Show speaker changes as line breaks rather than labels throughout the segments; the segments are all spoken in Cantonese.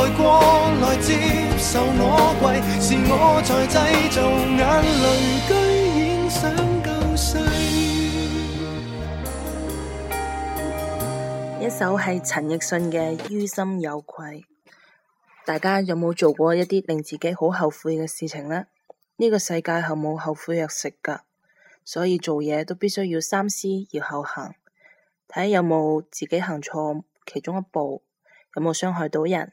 一首係陳奕迅嘅《於心有愧》，大家有冇做過一啲令自己好後悔嘅事情呢？呢個世界係冇後悔藥食噶，所以做嘢都必須要三思而後行，睇下有冇自己行錯其中一步，有冇傷害到人。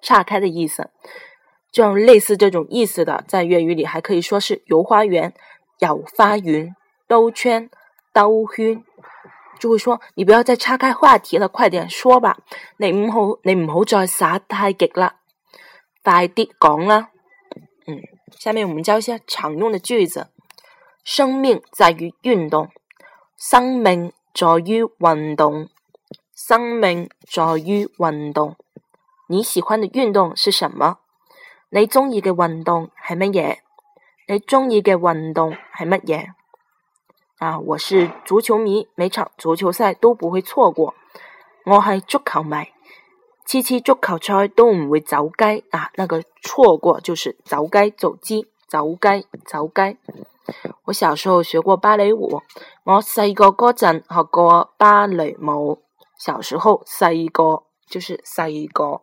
岔開的意思，就類似這種意思的，在粵語裏還可以說是遊花園、遊花園、兜圈、兜圈。就會說你不要再岔開話題了，快點說吧。你唔好，你唔好再耍太極啦，快啲講啦。嗯，下面我們教一些常用的句子。生命在於運動。生命在於運動。生命在於運動。你喜歡的運動是什麼？你鍾意嘅運動係乜嘢？你鍾意嘅運動係乜嘢？啊，我是足球迷，每場足球賽都不會錯過。我係足球迷，次次足球賽都唔會走雞啊！那個錯過就是走雞走雞，走雞走雞。我小時候學過芭蕾舞，我細個嗰陣學過芭蕾舞。小時候細個就是細個。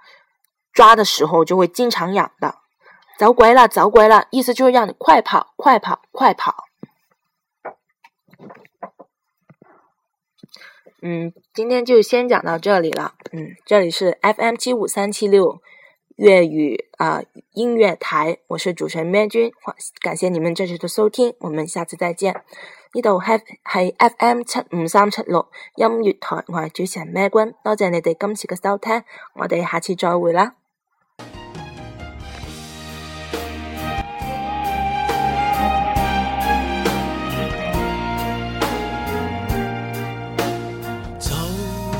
抓的時候就會經常癢的。走鬼啦，走鬼啦，意思就是讓你快跑，快跑，快跑。嗯，今天就先講到這裏了。嗯，這裏是 FM 七五三七六粵語啊、呃、音樂台，我是主持人咩君。感謝你們這次的收聽，我們下次再見。呢度係 FM 七五三七六音樂台，我係主持人咩君，多謝，謝你哋今次嘅收聽，我哋下次再會啦。